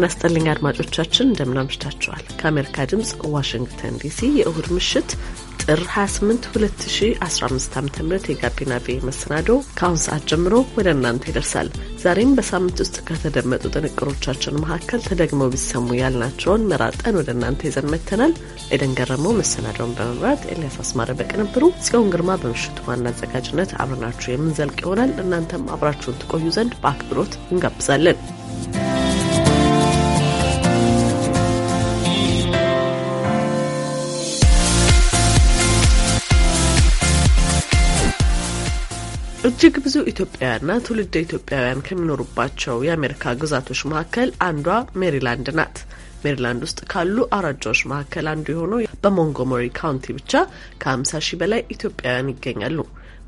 ጤና ስጠልኝ አድማጮቻችን፣ እንደምናምሽታችኋል። ከአሜሪካ ድምፅ ዋሽንግተን ዲሲ የእሁድ ምሽት ጥር 28 2015 ዓ ም የጋቢና ቤ መሰናዶ ከአሁን ሰዓት ጀምሮ ወደ እናንተ ይደርሳል። ዛሬም በሳምንት ውስጥ ከተደመጡ ጥንቅሮቻችን መካከል ተደግመው ቢሰሙ ያልናቸውን መራጠን ወደ እናንተ ይዘን መተናል። ኤደን ገረመው መሰናዶውን በመምራት ኤልያስ አስማረ በቅንብሩ፣ ጽዮን ግርማ በምሽቱ ዋና አዘጋጅነት አብረናችሁ የምንዘልቅ ይሆናል። እናንተም አብራችሁን ትቆዩ ዘንድ በአክብሮት እንጋብዛለን። እጅግ ብዙ ኢትዮጵያውያንና ትውልደ ኢትዮጵያውያን ከሚኖሩባቸው የአሜሪካ ግዛቶች መካከል አንዷ ሜሪላንድ ናት። ሜሪላንድ ውስጥ ካሉ አራጃዎች መካከል አንዱ የሆነው በሞንጎመሪ ካውንቲ ብቻ ከ50 ሺህ በላይ ኢትዮጵያውያን ይገኛሉ።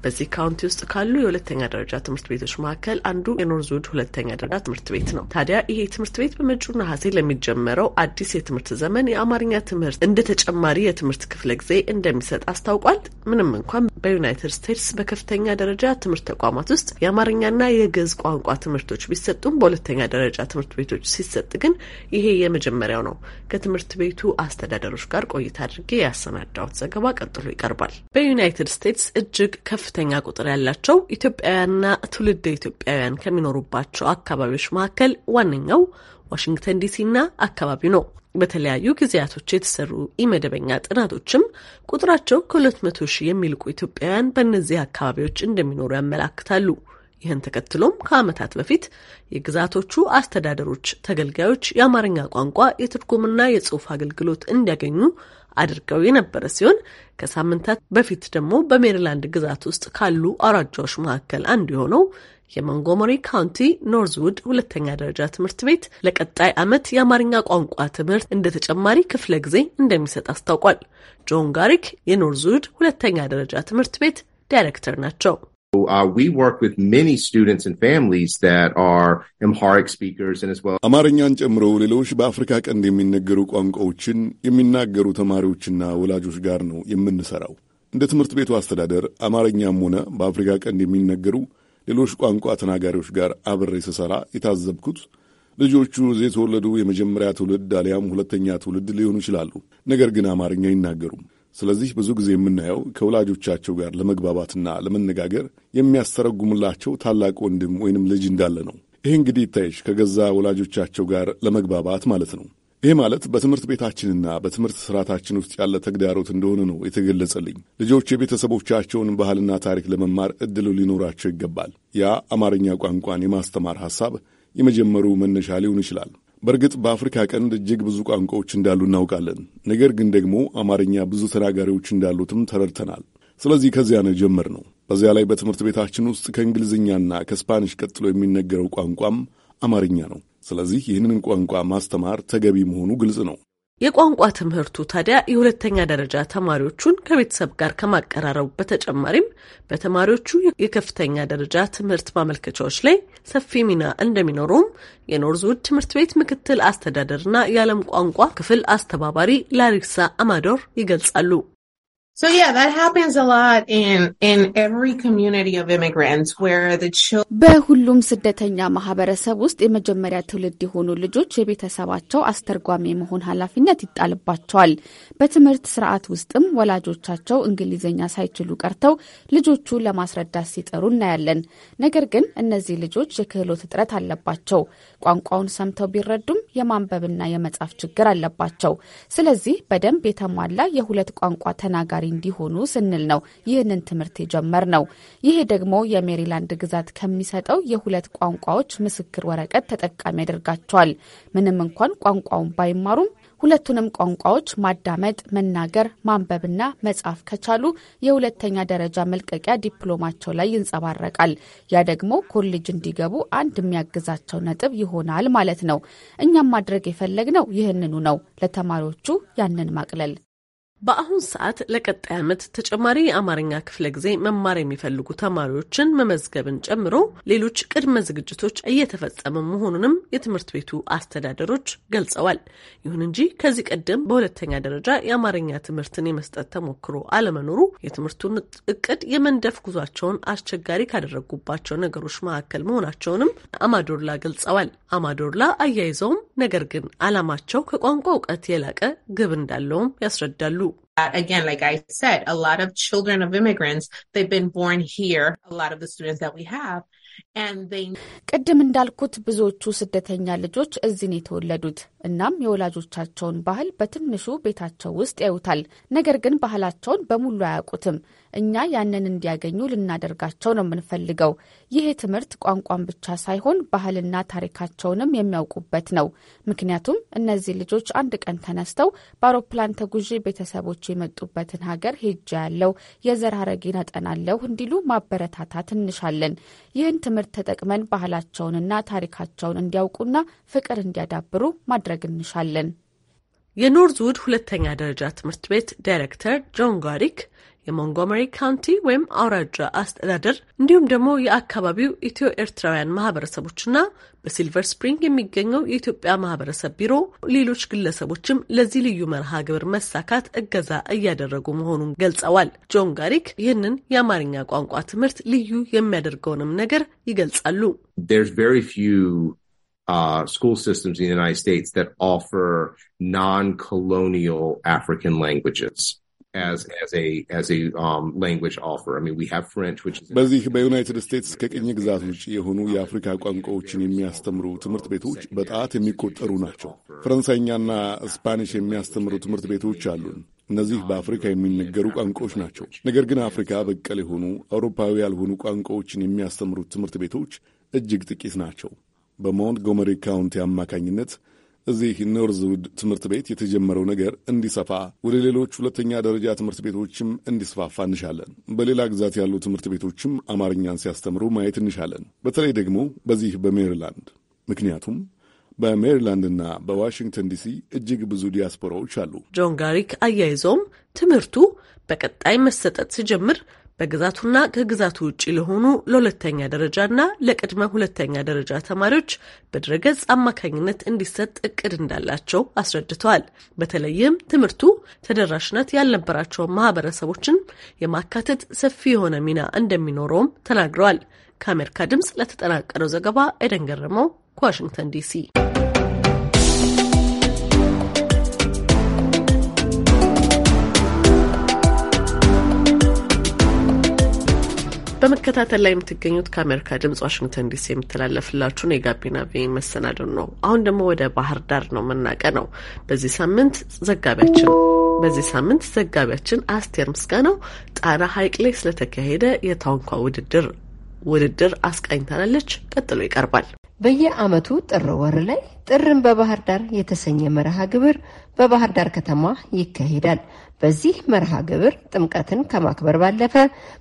በዚህ ካውንቲ ውስጥ ካሉ የሁለተኛ ደረጃ ትምህርት ቤቶች መካከል አንዱ የኖርዝውድ ሁለተኛ ደረጃ ትምህርት ቤት ነው። ታዲያ ይሄ ትምህርት ቤት በመጪው ነሐሴ ለሚጀመረው አዲስ የትምህርት ዘመን የአማርኛ ትምህርት እንደ ተጨማሪ የትምህርት ክፍለ ጊዜ እንደሚሰጥ አስታውቋል። ምንም እንኳን በዩናይትድ ስቴትስ በከፍተኛ ደረጃ ትምህርት ተቋማት ውስጥ የአማርኛና የግዕዝ ቋንቋ ትምህርቶች ቢሰጡም በሁለተኛ ደረጃ ትምህርት ቤቶች ሲሰጥ ግን ይሄ የመጀመሪያው ነው። ከትምህርት ቤቱ አስተዳደሮች ጋር ቆይታ አድርጌ ያሰናዳሁት ዘገባ ቀጥሎ ይቀርባል። በዩናይትድ ስቴትስ እጅግ ከፍ ከፍተኛ ቁጥር ያላቸው ኢትዮጵያውያንና ትውልደ ኢትዮጵያውያን ከሚኖሩባቸው አካባቢዎች መካከል ዋነኛው ዋሽንግተን ዲሲና አካባቢ ነው። በተለያዩ ጊዜያቶች የተሰሩ ኢመደበኛ ጥናቶችም ቁጥራቸው ከሁለት መቶ ሺህ የሚልቁ ኢትዮጵያውያን በእነዚህ አካባቢዎች እንደሚኖሩ ያመላክታሉ። ይህን ተከትሎም ከዓመታት በፊት የግዛቶቹ አስተዳደሮች ተገልጋዮች የአማርኛ ቋንቋ የትርጉምና የጽሑፍ አገልግሎት እንዲያገኙ አድርገው የነበረ ሲሆን ከሳምንታት በፊት ደግሞ በሜሪላንድ ግዛት ውስጥ ካሉ አውራጃዎች መካከል አንዱ የሆነው የመንጎመሪ ካውንቲ ኖርዝውድ ሁለተኛ ደረጃ ትምህርት ቤት ለቀጣይ ዓመት የአማርኛ ቋንቋ ትምህርት እንደ ተጨማሪ ክፍለ ጊዜ እንደሚሰጥ አስታውቋል። ጆን ጋሪክ የኖርዝውድ ሁለተኛ ደረጃ ትምህርት ቤት ዳይሬክተር ናቸው። አማርኛን ጨምሮ ሌሎች በአፍሪካ ቀንድ የሚነገሩ ቋንቋዎችን የሚናገሩ ተማሪዎችና ወላጆች ጋር ነው የምንሰራው። እንደ ትምህርት ቤቱ አስተዳደር አማርኛም ሆነ በአፍሪካ ቀንድ የሚነገሩ ሌሎች ቋንቋ ተናጋሪዎች ጋር አብሬ ስሰራ የታዘብኩት ልጆቹ እዚህ የተወለዱ የመጀመሪያ ትውልድ አሊያም ሁለተኛ ትውልድ ሊሆኑ ይችላሉ። ነገር ግን አማርኛ አይናገሩም። ስለዚህ ብዙ ጊዜ የምናየው ከወላጆቻቸው ጋር ለመግባባትና ለመነጋገር የሚያስተረጉምላቸው ታላቅ ወንድም ወይንም ልጅ እንዳለ ነው። ይህ እንግዲህ ይታይሽ ከገዛ ወላጆቻቸው ጋር ለመግባባት ማለት ነው። ይህ ማለት በትምህርት ቤታችንና በትምህርት ስርዓታችን ውስጥ ያለ ተግዳሮት እንደሆነ ነው የተገለጸልኝ። ልጆች የቤተሰቦቻቸውን ባህልና ታሪክ ለመማር እድሉ ሊኖራቸው ይገባል። ያ አማርኛ ቋንቋን የማስተማር ሐሳብ የመጀመሩ መነሻ ሊሆን ይችላል። በእርግጥ በአፍሪካ ቀንድ እጅግ ብዙ ቋንቋዎች እንዳሉ እናውቃለን። ነገር ግን ደግሞ አማርኛ ብዙ ተናጋሪዎች እንዳሉትም ተረድተናል። ስለዚህ ከዚያ ነው የጀመርነው። በዚያ ላይ በትምህርት ቤታችን ውስጥ ከእንግሊዝኛና ከስፓኒሽ ቀጥሎ የሚነገረው ቋንቋም አማርኛ ነው። ስለዚህ ይህንን ቋንቋ ማስተማር ተገቢ መሆኑ ግልጽ ነው። የቋንቋ ትምህርቱ ታዲያ የሁለተኛ ደረጃ ተማሪዎቹን ከቤተሰብ ጋር ከማቀራረቡ በተጨማሪም በተማሪዎቹ የከፍተኛ ደረጃ ትምህርት ማመልከቻዎች ላይ ሰፊ ሚና እንደሚኖረውም የኖርዝውድ ትምህርት ቤት ምክትል አስተዳደርና የዓለም ቋንቋ ክፍል አስተባባሪ ላሪሳ አማዶር ይገልጻሉ። So yeah, that happens a lot in in every community of immigrants where the children በሁሉም ስደተኛ ማህበረሰብ ውስጥ የመጀመሪያ ትውልድ የሆኑ ልጆች የቤተሰባቸው አስተርጓሚ መሆን ኃላፊነት ይጣልባቸዋል። በትምህርት ስርዓት ውስጥም ወላጆቻቸው እንግሊዝኛ ሳይችሉ ቀርተው ልጆቹ ለማስረዳት ሲጠሩ እናያለን። ነገር ግን እነዚህ ልጆች የክህሎት እጥረት አለባቸው። ቋንቋውን ሰምተው ቢረዱም የማንበብና የመጻፍ ችግር አለባቸው። ስለዚህ በደንብ የተሟላ የሁለት ቋንቋ ተናጋሪ ተወዳዳሪ እንዲሆኑ ስንል ነው ይህንን ትምህርት የጀመር ነው። ይሄ ደግሞ የሜሪላንድ ግዛት ከሚሰጠው የሁለት ቋንቋዎች ምስክር ወረቀት ተጠቃሚ ያደርጋቸዋል። ምንም እንኳን ቋንቋውን ባይማሩም ሁለቱንም ቋንቋዎች ማዳመጥ፣ መናገር፣ ማንበብና መጻፍ ከቻሉ የሁለተኛ ደረጃ መልቀቂያ ዲፕሎማቸው ላይ ይንጸባረቃል። ያ ደግሞ ኮሌጅ እንዲገቡ አንድ የሚያግዛቸው ነጥብ ይሆናል ማለት ነው። እኛም ማድረግ የፈለግነው ይህንኑ ነው፣ ለተማሪዎቹ ያንን ማቅለል በአሁን ሰዓት ለቀጣይ ዓመት ተጨማሪ የአማርኛ ክፍለ ጊዜ መማር የሚፈልጉ ተማሪዎችን መመዝገብን ጨምሮ ሌሎች ቅድመ ዝግጅቶች እየተፈጸመ መሆኑንም የትምህርት ቤቱ አስተዳደሮች ገልጸዋል። ይሁን እንጂ ከዚህ ቀደም በሁለተኛ ደረጃ የአማርኛ ትምህርትን የመስጠት ተሞክሮ አለመኖሩ የትምህርቱን እቅድ የመንደፍ ጉዟቸውን አስቸጋሪ ካደረጉባቸው ነገሮች መካከል መሆናቸውንም አማዶርላ ገልጸዋል። አማዶርላ አያይዘውም ነገር ግን ዓላማቸው ከቋንቋ እውቀት የላቀ ግብ እንዳለውም ያስረዳሉ። Uh, again, like I said, a lot of children of immigrants, they've been born here. A lot of the students that we have ቅድም እንዳልኩት ብዙዎቹ ስደተኛ ልጆች እዚህ ነው የተወለዱት። እናም የወላጆቻቸውን ባህል በትንሹ ቤታቸው ውስጥ ያዩታል። ነገር ግን ባህላቸውን በሙሉ አያውቁትም። እኛ ያንን እንዲያገኙ ልናደርጋቸው ነው የምንፈልገው። ይህ ትምህርት ቋንቋን ብቻ ሳይሆን ባህልና ታሪካቸውንም የሚያውቁበት ነው። ምክንያቱም እነዚህ ልጆች አንድ ቀን ተነስተው በአውሮፕላን ተጉዤ ቤተሰቦች የመጡበትን ሀገር ሄጃ ያለው የዘር ሐረጌን አጠናለሁ እንዲሉ ማበረታታት እንሻለን። ይህን ትምህርት ተጠቅመን ባህላቸውንና ታሪካቸውን እንዲያውቁና ፍቅር እንዲያዳብሩ ማድረግ እንሻለን። የኖርዝውድ ሁለተኛ ደረጃ ትምህርት ቤት ዳይሬክተር ጆን ጋሪክ የሞንጎመሪ ካውንቲ ወይም አውራጃ አስተዳደር እንዲሁም ደግሞ የአካባቢው ኢትዮ ኤርትራውያን ማህበረሰቦችና በሲልቨር ስፕሪንግ የሚገኘው የኢትዮጵያ ማህበረሰብ ቢሮ ሌሎች ግለሰቦችም ለዚህ ልዩ መርሃ ግብር መሳካት እገዛ እያደረጉ መሆኑን ገልጸዋል። ጆን ጋሪክ ይህንን የአማርኛ ቋንቋ ትምህርት ልዩ የሚያደርገውንም ነገር ይገልጻሉ። Uh, school systems in the United States that offer non-colonial African languages. as as a as a um, language offer. I mean, we have French, which is በዚህ በዩናይትድ ስቴትስ ከቅኝ ግዛት ውጭ የሆኑ የአፍሪካ ቋንቋዎችን የሚያስተምሩ ትምህርት ቤቶች በጣት የሚቆጠሩ ናቸው። ፈረንሳይኛና ስፓኒሽ የሚያስተምሩ ትምህርት ቤቶች አሉን። እነዚህ በአፍሪካ የሚነገሩ ቋንቋዎች ናቸው። ነገር ግን አፍሪካ በቀል የሆኑ አውሮፓዊ ያልሆኑ ቋንቋዎችን የሚያስተምሩት ትምህርት ቤቶች እጅግ ጥቂት ናቸው። በሞንትጎመሪ ካውንቲ አማካኝነት እዚህ ኖርዝውድ ትምህርት ቤት የተጀመረው ነገር እንዲሰፋ ወደ ሌሎች ሁለተኛ ደረጃ ትምህርት ቤቶችም እንዲስፋፋ እንሻለን። በሌላ ግዛት ያሉ ትምህርት ቤቶችም አማርኛን ሲያስተምሩ ማየት እንሻለን። በተለይ ደግሞ በዚህ በሜሪላንድ ምክንያቱም በሜሪላንድና በዋሽንግተን ዲሲ እጅግ ብዙ ዲያስፖራዎች አሉ። ጆን ጋሪክ አያይዘውም ትምህርቱ በቀጣይ መሰጠት ሲጀምር በግዛቱና ከግዛቱ ውጭ ለሆኑ ለሁለተኛ ደረጃና ለቅድመ ሁለተኛ ደረጃ ተማሪዎች በድረገጽ አማካኝነት እንዲሰጥ እቅድ እንዳላቸው አስረድተዋል። በተለይም ትምህርቱ ተደራሽነት ያልነበራቸውን ማህበረሰቦችን የማካተት ሰፊ የሆነ ሚና እንደሚኖረውም ተናግረዋል። ከአሜሪካ ድምፅ ለተጠናቀረው ዘገባ ኤደን ገረመው ከዋሽንግተን ዲሲ በመከታተል ላይ የምትገኙት ከአሜሪካ ድምጽ ዋሽንግተን ዲሲ የሚተላለፍላችሁን የጋቢና ቪ መሰናዶን ነው። አሁን ደግሞ ወደ ባህር ዳር ነው መናቀ ነው። በዚህ ሳምንት ዘጋቢያችን በዚህ ሳምንት ዘጋቢያችን አስቴር ምስጋናው ጣና ሐይቅ ላይ ስለተካሄደ የታንኳ ውድድር ውድድር አስቃኝታናለች። ቀጥሎ ይቀርባል። በየዓመቱ ጥር ወር ላይ ጥርን በባህር ዳር የተሰኘ መርሃ ግብር በባህር ዳር ከተማ ይካሄዳል። በዚህ መርሃ ግብር ጥምቀትን ከማክበር ባለፈ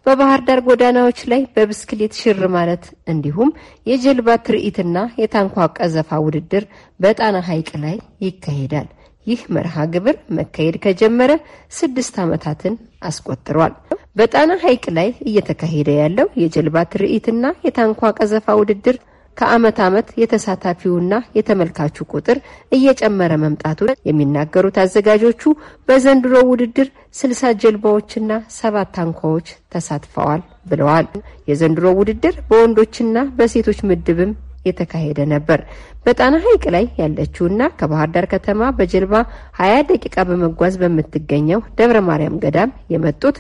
በባህር ዳር ጎዳናዎች ላይ በብስክሌት ሽር ማለት እንዲሁም የጀልባ ትርኢትና የታንኳ ቀዘፋ ውድድር በጣና ሐይቅ ላይ ይካሄዳል። ይህ መርሃ ግብር መካሄድ ከጀመረ ስድስት ዓመታትን አስቆጥሯል። በጣና ሐይቅ ላይ እየተካሄደ ያለው የጀልባ ትርኢትና የታንኳ ቀዘፋ ውድድር ከአመት አመት የተሳታፊውና የተመልካቹ ቁጥር እየጨመረ መምጣቱን የሚናገሩት አዘጋጆቹ በዘንድሮ ውድድር ስልሳ ጀልባዎችና ሰባት ታንኳዎች ተሳትፈዋል ብለዋል። የዘንድሮ ውድድር በወንዶችና በሴቶች ምድብም የተካሄደ ነበር። በጣና ሐይቅ ላይ ያለችውና ከባህር ዳር ከተማ በጀልባ ሀያ ደቂቃ በመጓዝ በምትገኘው ደብረ ማርያም ገዳም የመጡት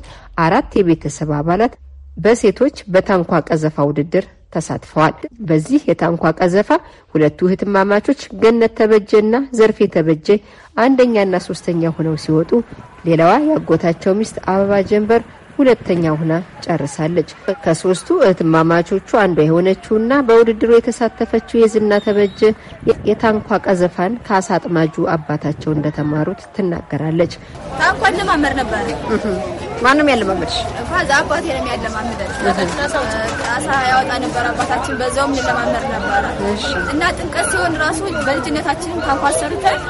አራት የቤተሰብ አባላት በሴቶች በታንኳ ቀዘፋ ውድድር ተሳትፈዋል። በዚህ የታንኳ ቀዘፋ ሁለቱ እህትማማቾች ገነት ተበጀና ዘርፌ ተበጀ አንደኛና ሶስተኛ ሆነው ሲወጡ፣ ሌላዋ ያጎታቸው ሚስት አበባ ጀንበር ሁለተኛ ሆና ጨርሳለች። ከሶስቱ እህትማማቾቹ አንዷ የሆነችውና በውድድሩ የተሳተፈችው የዝና ተበጀ የታንኳ ቀዘፋን አጥማጁ አባታቸው እንደተማሩት ትናገራለች። ታንኳ እንማመር ነበር ማንም ያለማመድሽ እንኳን አባቴ ነው የሚያለማምደን። አሳ ያወጣ ነበር አባታችን፣ በዛውም እንለማመድ ነበረ እና ጥምቀት ሲሆን ራሱ በልጅነታችን ታንኳ ሰርተን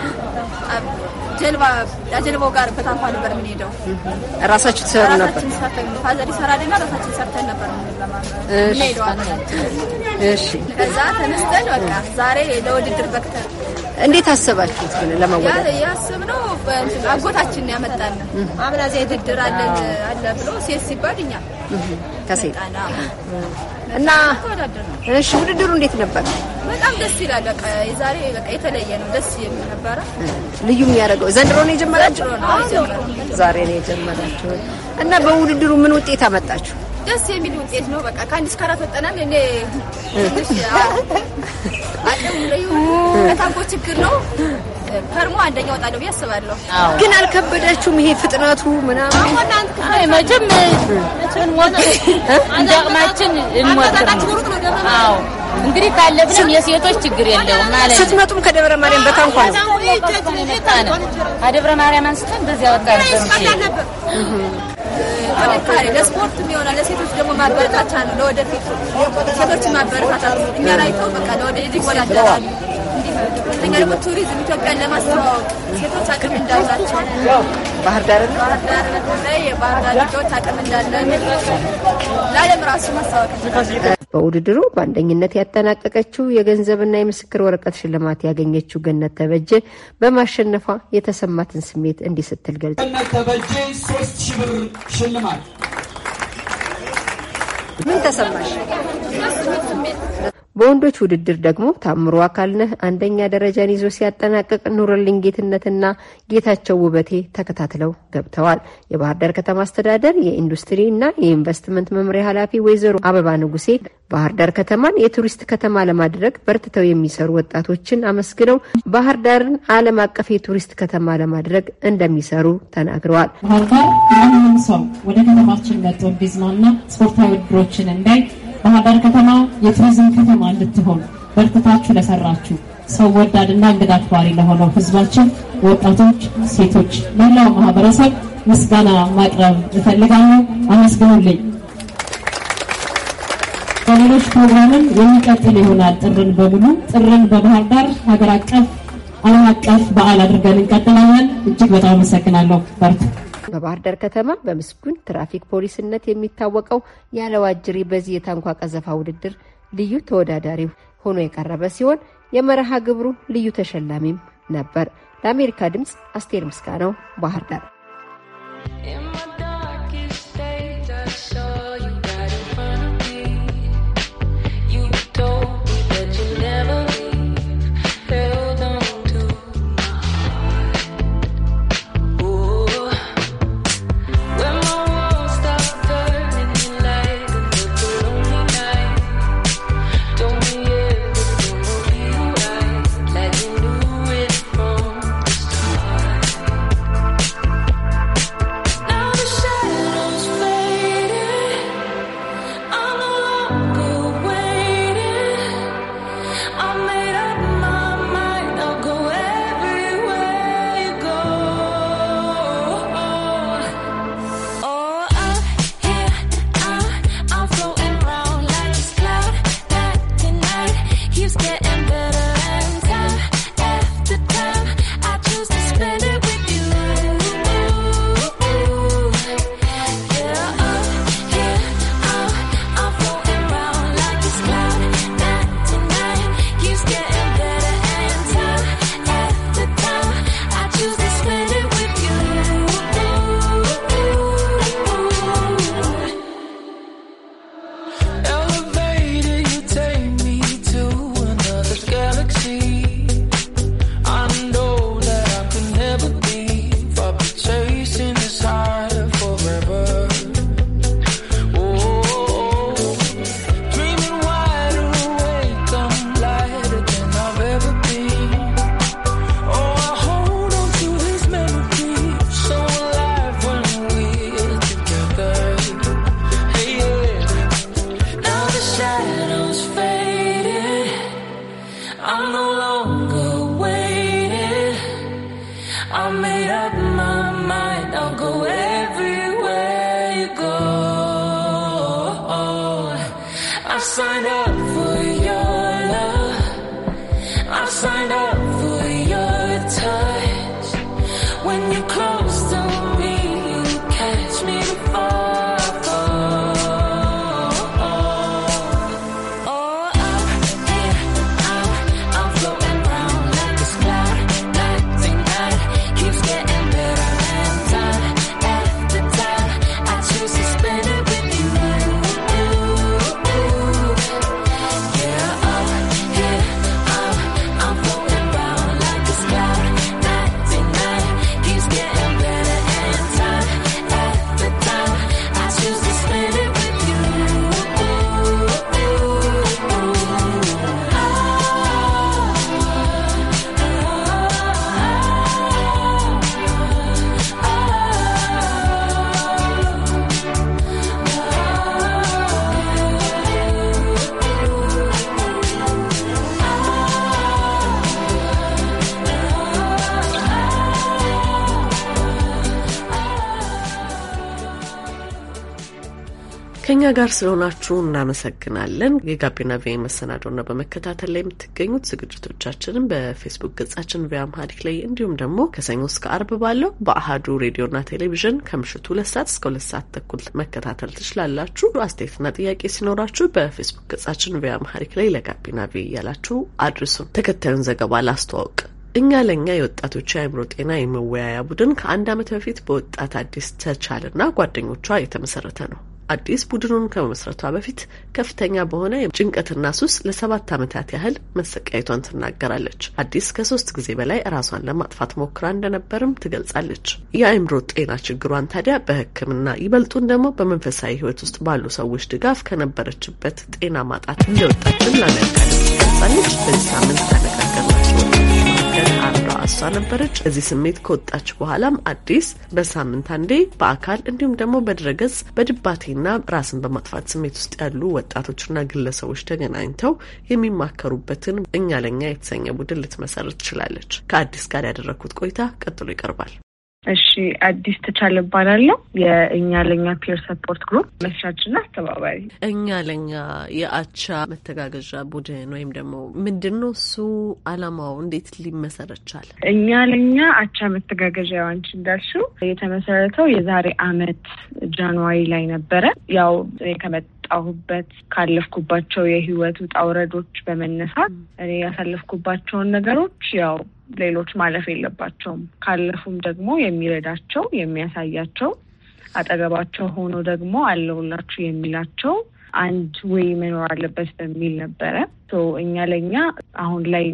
ጀልባው ጋር በታንኳ ነበር የምንሄደው። ራሳችሁ ትሰሩ ነበር? ፋዘር ይሰራልና ራሳችን ሰርተን ነበር የምንሄደው። እሺ። ከዛ ተነስተን በቃ ዛሬ ለውድድር በቅተን እንዴት አሰባችሁት ግን ለመወዳደር? ያሰብነው አጎታችን ያመጣን አምና እዚያ ውድድር አለ ብሎ ሴት ሲባል እኛ ከሴት እና እሺ፣ ውድድሩ እንዴት ነበር? በጣም ደስ ይላል። በቃ የዛሬ በቃ የተለየ ነው፣ ደስ የሚል ነበረ። ልዩ የሚያደርገው ዘንድሮ ነው የጀመራችሁ? ዛሬ ነው የጀመራችሁ እና በውድድሩ ምን ውጤት አመጣችሁ? ደስ የሚል ውጤት ነው። በቃ ከአንድ እስከ አራት ወጠናል። እኔ ከታንኮ ችግር ነው። ከርሞ አንደኛ እወጣለሁ ብዬ አስባለሁ። ግን አልከበዳችሁም? ይሄ ፍጥነቱ ምናምን መቼም እንደ አቅማችን እንሞክር ነው። እንግዲህ ካለብንም የሴቶች ችግር የለውም ማለት ነው። ስትመጡም ከደብረ ማርያም በታንኳ ነው። ከደብረ ማርያም አንስተን በዚያ ወጣ ነበር ጥንካሬ ለስፖርት የሆነ ለሴቶች ደግሞ ማበረታቻ ነው። ለወደፊቱ ሴቶች ማበረታታት እኛ ላይተው በቃ ለወደፊት ይወዳደራሉ። ሁለተኛ ደግሞ ቱሪዝም ኢትዮጵያን ለማስተዋወቅ ሴቶች አቅም እንዳላቸው ባህር ዳር ባህር ዳር በተለይ የባህር ዳር ልጆች አቅም እንዳለ ለዓለም ራሱ ማስተዋወቅ በውድድሩ በአንደኝነት ያጠናቀቀችው የገንዘብና የምስክር ወረቀት ሽልማት ያገኘችው ገነት ተበጀ በማሸነፏ የተሰማትን ስሜት እንዲህ ስትል ገልጽ ገነት ተበጀ ሶስት ሺህ ብር ሽልማት ምን ተሰማሽ? በወንዶች ውድድር ደግሞ ታምሮ አካልነህ አንደኛ ደረጃን ይዞ ሲያጠናቅቅ ኑርልኝ ጌትነትና ጌታቸው ውበቴ ተከታትለው ገብተዋል። የባህር ዳር ከተማ አስተዳደር የኢንዱስትሪና የኢንቨስትመንት መምሪያ ኃላፊ ወይዘሮ አበባ ንጉሴ ባህር ዳር ከተማን የቱሪስት ከተማ ለማድረግ በርትተው የሚሰሩ ወጣቶችን አመስግነው ባህር ዳርን ዓለም አቀፍ የቱሪስት ከተማ ለማድረግ እንደሚሰሩ ተናግረዋል። ባህር ዳር ማንም ሰው ወደ ከተማችን መጥቶ እንዲዝናና ስፖርታዊ ውድድሮችን እንዳይ ባህር ዳር ከተማ የቱሪዝም ከተማ እንድትሆን በርትታችሁ ለሰራችሁ ሰው ወዳድና እንግዳ አክባሪ ለሆነው ህዝባችን፣ ወጣቶች፣ ሴቶች፣ ሌላው ማህበረሰብ ምስጋና ማቅረብ እፈልጋለሁ። አመስግኑልኝ። በሌሎች ፕሮግራምን የሚቀጥል ይሆናል። ጥርን በሙሉ ጥርን በባህር ዳር ሀገር አቀፍ ዓለም አቀፍ በዓል አድርገን እንቀጥላለን። እጅግ በጣም አመሰግናለሁ። በርቱ። በባህር ዳር ከተማ በምስጉን ትራፊክ ፖሊስነት የሚታወቀው ያለዋጅሪ በዚህ የታንኳ ቀዘፋ ውድድር ልዩ ተወዳዳሪ ሆኖ የቀረበ ሲሆን የመርሃ ግብሩ ልዩ ተሸላሚም ነበር። ለአሜሪካ ድምፅ አስቴር ምስጋናው ባህር ዳር። ጋር ስለሆናችሁ እናመሰግናለን። የጋቢና ቪ መሰናዶና በመከታተል ላይ የምትገኙት። ዝግጅቶቻችንን በፌስቡክ ገጻችን ቪ አምሃሪክ ላይ እንዲሁም ደግሞ ከሰኞ እስከ አርብ ባለው በአህዱ ሬዲዮና ቴሌቪዥን ከምሽቱ ሁለት ሰዓት እስከ ሁለት ሰዓት ተኩል መከታተል ትችላላችሁ። አስተያየትና ጥያቄ ሲኖራችሁ በፌስቡክ ገጻችን ቪ አምሃሪክ ላይ ለጋቢና ቪ እያላችሁ አድርሱን። ተከታዩን ዘገባ ላስተዋውቅ። እኛ ለእኛ የወጣቶች የአእምሮ ጤና የመወያያ ቡድን ከአንድ ዓመት በፊት በወጣት አዲስ ተቻልና ጓደኞቿ የተመሰረተ ነው። አዲስ ቡድኑን ከመመስረቷ በፊት ከፍተኛ በሆነ ጭንቀትና ሱስ ለሰባት ዓመታት ያህል መሰቃየቷን ትናገራለች። አዲስ ከሶስት ጊዜ በላይ ራሷን ለማጥፋት ሞክራ እንደነበርም ትገልጻለች። የአእምሮ ጤና ችግሯን ታዲያ በሕክምና ይበልጡን ደግሞ በመንፈሳዊ ሕይወት ውስጥ ባሉ ሰዎች ድጋፍ ከነበረችበት ጤና ማጣት እንደወጣችን ላመልካለች ትገልጻለች። በዚህ ሳምንት ያነጋገርናቸው አንዷ እሷ ነበረች። እዚህ ስሜት ከወጣች በኋላም አዲስ በሳምንት አንዴ በአካል እንዲሁም ደግሞ በድረገጽ በድባቴና ራስን በማጥፋት ስሜት ውስጥ ያሉ ወጣቶችና ግለሰቦች ተገናኝተው የሚማከሩበትን እኛ ለኛ የተሰኘ ቡድን ልትመሰርት ትችላለች። ከአዲስ ጋር ያደረግኩት ቆይታ ቀጥሎ ይቀርባል። እሺ አዲስ ተቻለ እባላለሁ። የእኛ ለኛ ፒር ሰፖርት ግሩፕ መስራችና አስተባባሪ። እኛ ለኛ የአቻ መተጋገዣ ቡድን ወይም ደግሞ ምንድን ነው እሱ አላማው? እንዴት ሊመሰረት ቻለ? እኛ ለኛ አቻ መተጋገዣ አንቺ እንዳልሽው የተመሰረተው የዛሬ አመት ጃንዋሪ ላይ ነበረ። ያው ከመጣሁበት ካለፍኩባቸው የህይወት ውጣ ውረዶች በመነሳት እኔ ያሳለፍኩባቸውን ነገሮች ያው ሌሎች ማለፍ የለባቸውም። ካለፉም ደግሞ የሚረዳቸው የሚያሳያቸው አጠገባቸው ሆኖ ደግሞ አለውላችሁ የሚላቸው አንድ ወይ መኖር አለበት በሚል ነበረ። እኛ ለእኛ አሁን ላይ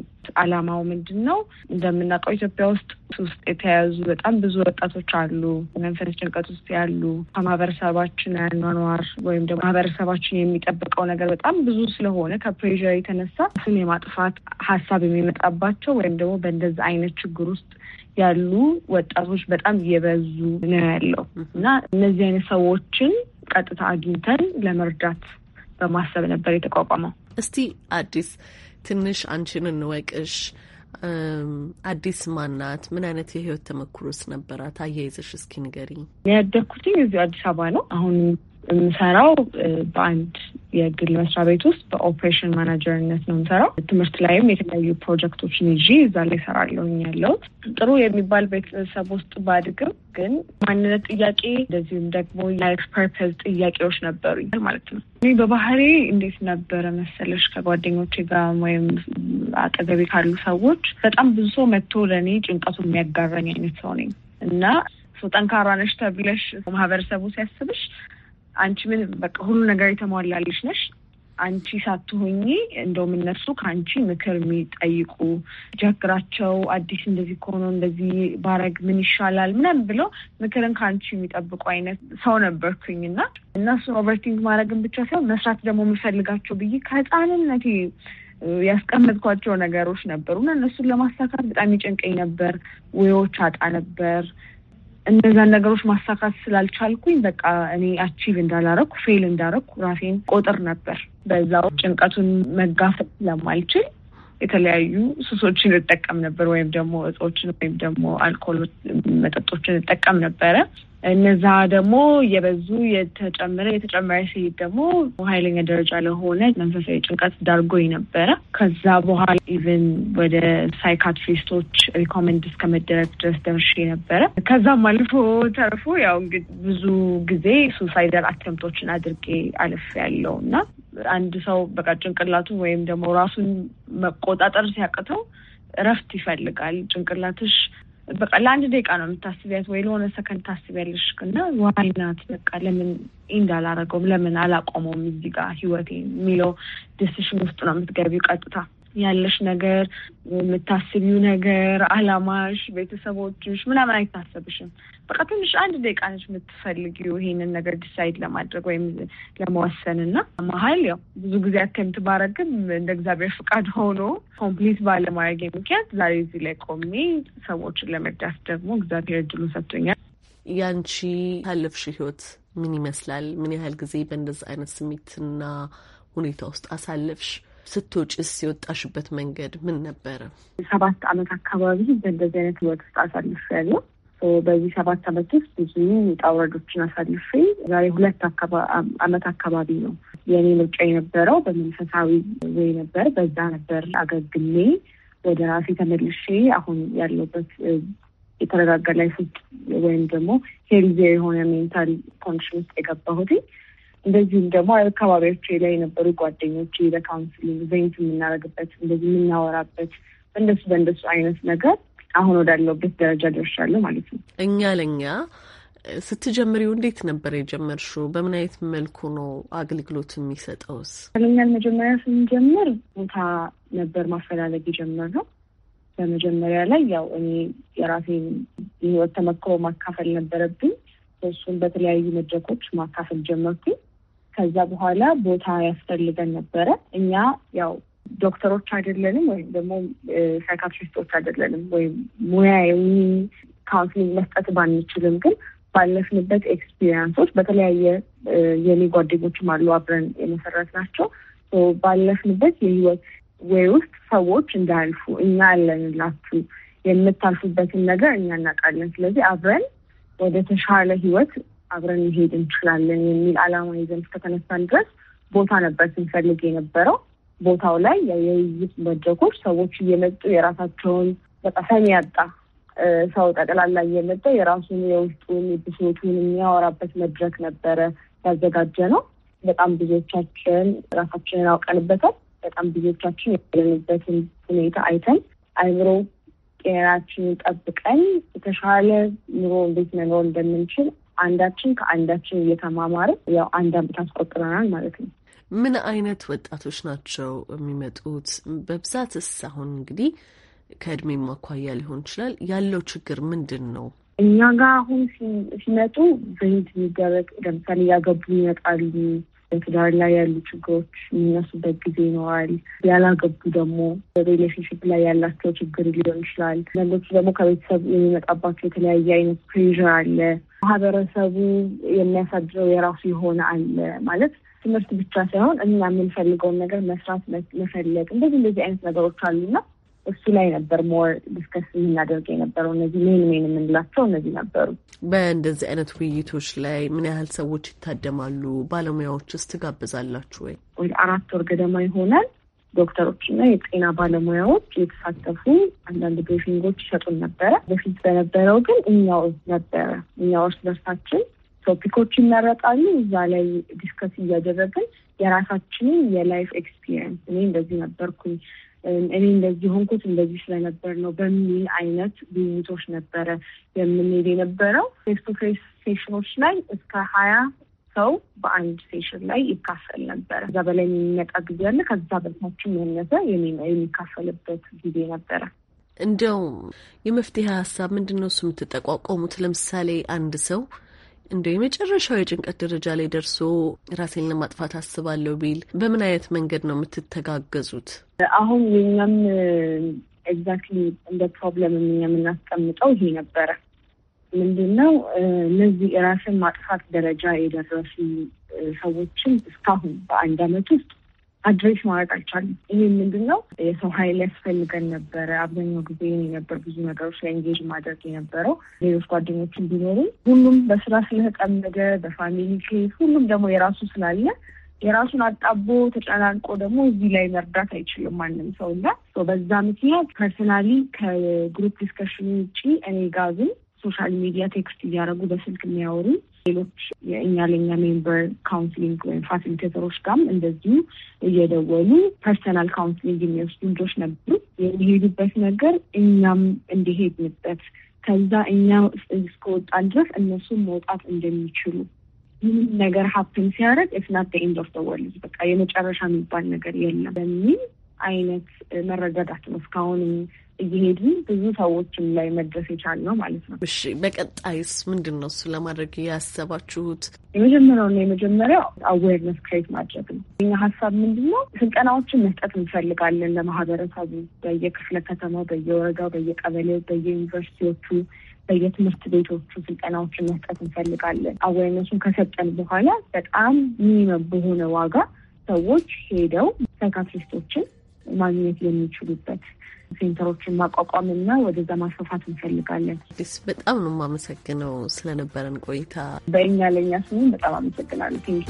አላማው ምንድን ነው? እንደምናውቀው ኢትዮጵያ ውስጥ ውስጥ የተያዙ በጣም ብዙ ወጣቶች አሉ፣ መንፈስ ጭንቀት ውስጥ ያሉ ከማህበረሰባችን አኗኗር ወይም ደግሞ ማህበረሰባችን የሚጠብቀው ነገር በጣም ብዙ ስለሆነ ከፕሬር የተነሳ ስም የማጥፋት ሀሳብ የሚመጣባቸው ወይም ደግሞ በእንደዚ አይነት ችግር ውስጥ ያሉ ወጣቶች በጣም እየበዙ ነው ያለው እና እነዚህ አይነት ሰዎችን ቀጥታ አግኝተን ለመርዳት በማሰብ ነበር የተቋቋመው። እስቲ አዲስ ትንሽ አንቺን እንወቅሽ። አዲስ ማናት? ምን አይነት የህይወት ተመክሮስ ነበራት? አያይዘሽ እስኪ ንገሪኝ። ያደግኩትኝ እዚሁ አዲስ አበባ ነው። አሁን የምሰራው በአንድ የግል መስሪያ ቤት ውስጥ በኦፕሬሽን ማናጀርነት ነው የምሰራው። ትምህርት ላይም የተለያዩ ፕሮጀክቶችን ይዤ እዛ ላይ እሰራለሁኝ ያለሁት። ጥሩ የሚባል ቤተሰብ ውስጥ ባድግም ግን ማንነት ጥያቄ እንደዚሁም ደግሞ ላይፍ ፐርፐዝ ጥያቄዎች ነበሩ ማለት ነው። እኔ በባህሬ እንዴት ነበረ መሰለሽ ከጓደኞቼ ጋር ወይም አጠገቤ ካሉ ሰዎች በጣም ብዙ ሰው መጥቶ ለእኔ ጭንቀቱ የሚያጋረኝ አይነት ሰው ነኝ እና ጠንካራ ነሽ ተብለሽ ማህበረሰቡ ሲያስብሽ አንቺ ምን በቃ ሁሉ ነገር የተሟላልሽ ነሽ አንቺ ሳትሆኚ እንደውም እነሱ ከአንቺ ምክር የሚጠይቁ ጀግራቸው አዲስ እንደዚህ ከሆነ እንደዚህ ባረግ ምን ይሻላል ምናምን ብለው ምክርን ከአንቺ የሚጠብቁ አይነት ሰው ነበርኩኝ እና እነሱን ኦቨርቲንግ ማድረግን ብቻ ሳይሆን መስራት ደግሞ የምፈልጋቸው ብዬ ከህፃንነት ያስቀመጥኳቸው ነገሮች ነበሩ እና እነሱን ለማሳካት በጣም ይጨንቀኝ ነበር። ውዎች አጣ ነበር እነዛን ነገሮች ማሳካት ስላልቻልኩኝ በቃ እኔ አቺቭ እንዳላረኩ ፌል እንዳረኩ ራሴን ቆጥር ነበር። በዛው ጭንቀቱን መጋፈጥ ስለማልችል የተለያዩ ሱሶችን እጠቀም ነበር፣ ወይም ደግሞ እጾችን ወይም ደግሞ አልኮል መጠጦችን እጠቀም ነበረ። እነዛ ደግሞ የበዙ የተጨመረ የተጨመረ ሲሄድ ደግሞ ኃይለኛ ደረጃ ለሆነ መንፈሳዊ ጭንቀት ዳርጎኝ ነበረ። ከዛ በኋላ ኢቨን ወደ ሳይካትሪስቶች ሪኮመንድ እስከመደረግ ድረስ ደርሼ ነበረ። ከዛም አልፎ ተርፎ ያው እንግዲህ ብዙ ጊዜ ሱሳይደር አተምቶችን አድርጌ አልፍ ያለው እና አንድ ሰው በቃ ጭንቅላቱ ወይም ደግሞ ራሱን መቆጣጠር ሲያቅተው እረፍት ይፈልጋል። ጭንቅላትሽ በቃ ለአንድ ደቂቃ ነው የምታስቢያት ወይ ለሆነ ሰከንድ ታስቢያለሽ እና ዋይ ናት በቃ ለምን ኢንድ አላረገውም ለምን አላቆመውም እዚህ ጋር ህይወቴ የሚለው ደስሽን ውስጥ ነው የምትገቢው ቀጥታ ያለሽ ነገር፣ የምታስቢው ነገር፣ አላማሽ፣ ቤተሰቦችሽ ምናምን አይታሰብሽም። በቃ ትንሽ አንድ ደቂቃ ነች የምትፈልጊው ይሄንን ነገር ዲሳይድ ለማድረግ ወይም ለመወሰን እና መሀል ያው ብዙ ጊዜ አተምት ባረግም እንደ እግዚአብሔር ፍቃድ ሆኖ ኮምፕሊት ባለማድረግ ምክንያት ዛሬ እዚህ ላይ ቆሜ ሰዎችን ለመርዳት ደግሞ እግዚአብሔር እድሉን ሰጥቶኛል። ያንቺ ካለፍሽ ህይወት ምን ይመስላል? ምን ያህል ጊዜ በእንደዚህ አይነት ስሜትና ሁኔታ ውስጥ አሳለፍሽ? ስትወጭስ የወጣሽበት መንገድ ምን ነበረ? ሰባት አመት አካባቢ በእንደዚህ አይነት ህይወት ውስጥ ያለው። በዚህ ሰባት አመት ውስጥ ብዙ ውጣ ውረዶችን አሳልፌ ዛሬ ሁለት አመት አካባቢ ነው የእኔ ምርጫ የነበረው በመንፈሳዊ ወይ ነበር። በዛ ነበር አገግሜ ወደ ራሴ ተመልሼ አሁን ያለበት የተረጋጋ ላይፍ ወይም ደግሞ ሄልዚ የሆነ ሜንታል ኮንዲሽን ውስጥ የገባሁት እንደዚሁም ደግሞ አካባቢያቸው ላይ የነበሩ ጓደኞች ለካውንስሊንግ ዘይንት የምናደርግበት እንደዚህ የምናወራበት በእንደሱ በእንደሱ አይነት ነገር አሁን ወዳለውበት ደረጃ ደርሻለሁ ማለት ነው። እኛ ለእኛ ስትጀምሪው እንዴት ነበር የጀመርሽው? በምን አይነት መልኩ ነው አገልግሎት የሚሰጠውስ? ለኛል መጀመሪያ ስንጀምር ቦታ ነበር ማፈላለግ የጀመርነው። በመጀመሪያ ላይ ያው እኔ የራሴን የህይወት ተመክሮ ማካፈል ነበረብኝ። እሱን በተለያዩ መድረኮች ማካፈል ጀመርኩኝ። ከዛ በኋላ ቦታ ያስፈልገን ነበረ። እኛ ያው ዶክተሮች አይደለንም ወይም ደግሞ ሳይካትሪስቶች አይደለንም ወይም ሙያዊ ካውንስሊንግ መስጠት ባንችልም ግን ባለፍንበት ኤክስፒሪንሶች በተለያየ የኔ ጓደኞችም አሉ አብረን የመሰረት ናቸው ባለፍንበት የህይወት ወይ ውስጥ ሰዎች እንዳያልፉ እኛ አለንላችሁ የምታልፉበትን ነገር እኛ እናውቃለን። ስለዚህ አብረን ወደ ተሻለ ህይወት አብረን መሄድ እንችላለን የሚል አላማ ይዘን እስከተነሳን ድረስ ቦታ ነበር ስንፈልግ የነበረው። ቦታው ላይ የውይይት መድረኮች ሰዎች እየመጡ የራሳቸውን በቃ ሰሚ ያጣ ሰው ጠቅላላ እየመጣ የራሱን የውስጡን ብሶቱን የሚያወራበት መድረክ ነበረ ያዘጋጀ ነው። በጣም ብዙዎቻችን ራሳችንን አውቀንበታል። በጣም ብዙዎቻችን ያለንበትን ሁኔታ አይተን አይምሮ ጤናችንን ጠብቀን የተሻለ ኑሮ እንዴት መኖር እንደምንችል አንዳችን ከአንዳችን እየተማማረ ያው አንድ አመት አስቆጥረናል ማለት ነው። ምን አይነት ወጣቶች ናቸው የሚመጡት? በብዛትስ አሁን እንግዲህ ከእድሜ ማኳያ ሊሆን ይችላል ያለው ችግር ምንድን ነው? እኛ ጋር አሁን ሲመጡ በሂድ የሚደረግ ለምሳሌ ያገቡ ይመጣሉ በትዳር ላይ ያሉ ችግሮች የሚነሱበት ጊዜ ይኖራል። ያላገቡ ደግሞ በሪሌሽንሽፕ ላይ ያላቸው ችግር ሊሆን ይችላል። አንዳንዶቹ ደግሞ ከቤተሰብ የሚመጣባቸው የተለያየ አይነት ፕሬዥር አለ። ማህበረሰቡ የሚያሳድረው የራሱ የሆነ አለ ማለት ትምህርት ብቻ ሳይሆን እኛ የምንፈልገውን ነገር መስራት መፈለግ እንደዚህ እንደዚህ አይነት ነገሮች አሉና እሱ ላይ ነበር ሞር ዲስከስ የምናደርግ የነበረው። እነዚህ ሜን ሜን የምንላቸው እነዚህ ነበሩ። በእንደዚህ አይነት ውይይቶች ላይ ምን ያህል ሰዎች ይታደማሉ? ባለሙያዎችስ ትጋብዛላችሁ ወይ? ወደ አራት ወር ገደማ ይሆናል ዶክተሮች እና የጤና ባለሙያዎች የተሳተፉ አንዳንድ ብሪፊንጎች ይሰጡን ነበረ። በፊት በነበረው ግን እኛው ነበረ እኛው እርስ በርሳችን ቶፒኮች ይመረጣሉ። እዛ ላይ ዲስከስ እያደረግን የራሳችንን የላይፍ ኤክስፒሪየንስ እኔ እንደዚህ ነበርኩኝ እኔ እንደዚህ ሆንኩት እንደዚህ ስለነበር ነው በሚል አይነት ውይይቶች ነበረ የምንሄድ የነበረው። ፌስ ቱ ፌስ ሴሽኖች ላይ እስከ ሀያ ሰው በአንድ ሴሽን ላይ ይካፈል ነበረ። ከዛ በላይ የሚመጣ ጊዜ አለ። ከዛ በታችም ያነሰ የሚካፈልበት ጊዜ ነበረ። እንዲያውም የመፍትሄ ሀሳብ ምንድን ነው እሱ የምትጠቋቋሙት? ለምሳሌ አንድ ሰው እንደ የመጨረሻው የጭንቀት ደረጃ ላይ ደርሶ ራሴን ለማጥፋት አስባለሁ ቢል በምን አይነት መንገድ ነው የምትተጋገዙት? አሁን የኛም ኤግዛክትሊ እንደ ፕሮብለም የምናስቀምጠው ይሄ ነበረ። ምንድን ነው እነዚህ የራስን ማጥፋት ደረጃ የደረሱ ሰዎችን እስካሁን በአንድ አመት ውስጥ አድሬስ ማድረግ አልቻለም። ይህ ምንድን ነው? የሰው ኃይል ያስፈልገን ነበረ። አብዛኛው ጊዜ የነበር ብዙ ነገሮች ላይ ኢንጌጅ ማድረግ የነበረው ሌሎች ጓደኞችን ቢኖሩ ሁሉም በስራ ስለተጠመደ በፋሚሊ ኬስ ሁሉም ደግሞ የራሱ ስላለ የራሱን አጣቦ ተጨናንቆ ደግሞ እዚህ ላይ መርዳት አይችልም ማንም ሰው እና በዛ ምክንያት ፐርሰናሊ ከግሩፕ ዲስከሽን ውጭ እኔ ጋዝም ሶሻል ሚዲያ ቴክስት እያደረጉ በስልክ የሚያወሩ ሌሎች የእኛ ለኛ ሜምበር ካውንስሊንግ ወይም ፋሲሊቴተሮች ጋም እንደዚሁ እየደወሉ ፐርሰናል ካውንስሊንግ የሚወስዱ ልጆች ነበሩ። የሚሄዱበት ነገር እኛም እንዲሄድንበት ከዛ እኛ እስከወጣን ድረስ እነሱም መውጣት እንደሚችሉ ምንም ነገር ሀፕን ሲያደርግ ኢትስ ናት ኤንድ ኦፍ ወርልድ በቃ የመጨረሻ የሚባል ነገር የለም በሚል አይነት መረዳዳት ነው እስካሁንም እየሄድን ብዙ ሰዎችም ላይ መድረስ የቻል ነው ማለት ነው። እሺ በቀጣይስ ምንድን ነው እሱ ለማድረግ ያሰባችሁት? የመጀመሪያው የመጀመሪያውና የመጀመሪያው አዌርነስ ክሬት ማድረግ ነው። እኛ ሀሳብ ምንድን ነው ስልጠናዎችን መስጠት እንፈልጋለን ለማህበረሰቡ በየክፍለ ከተማው፣ በየወረዳው፣ በየቀበሌው፣ በየዩኒቨርሲቲዎቹ በየትምህርት ቤቶቹ ስልጠናዎችን መስጠት እንፈልጋለን። አዌርነሱን ከሰጠን በኋላ በጣም ሚኒመም በሆነ ዋጋ ሰዎች ሄደው ሳይካትሪስቶችን ማግኘት የሚችሉበት ሴንተሮችን ማቋቋምና ወደዛ ማስፋፋት እንፈልጋለን። ስ በጣም ነው የማመሰግነው ስለነበረን ቆይታ። በእኛ ለእኛ ስሙን በጣም አመሰግናለሁ። ቴንኪ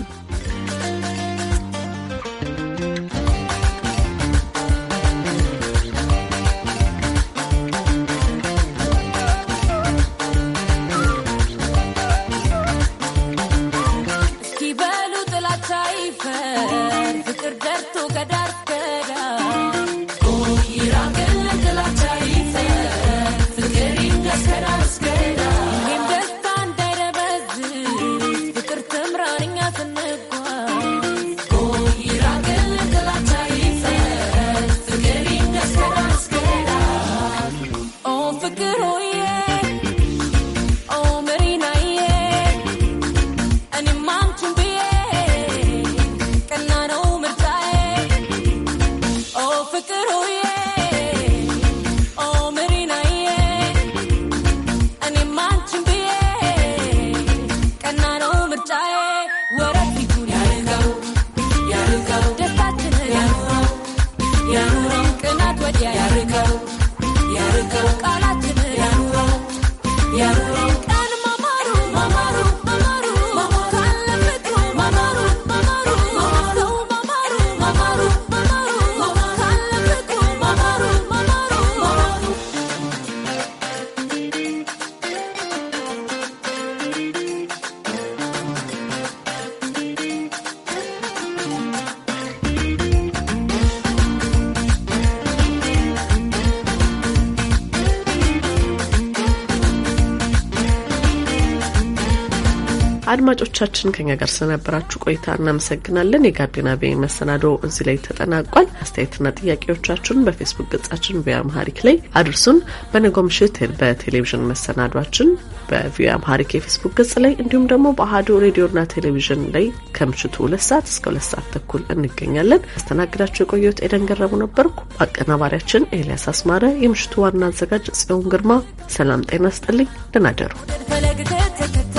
አድማጮቻችን ከኛ ጋር ስለነበራችሁ ቆይታ እናመሰግናለን። የጋቢና ቤ መሰናዶ እዚህ ላይ ተጠናቋል። አስተያየትና ጥያቄዎቻችሁን በፌስቡክ ገጻችን ቪ አምሃሪክ ላይ አድርሱን። በነገው ምሽት በቴሌቪዥን መሰናዷችን በቪ አምሃሪክ የፌስቡክ ገጽ ላይ እንዲሁም ደግሞ በአህዶ ሬዲዮና ቴሌቪዥን ላይ ከምሽቱ ሁለት ሰዓት እስከ ሁለት ሰዓት ተኩል እንገኛለን። አስተናግዳችሁ የቆየሁት ኤደን ገረሙ ነበርኩ። አቀናባሪያችን ኤልያስ አስማረ፣ የምሽቱ ዋና አዘጋጅ ጽዮን ግርማ። ሰላም ጤና ስጥልኝ። ደህና ደሩ።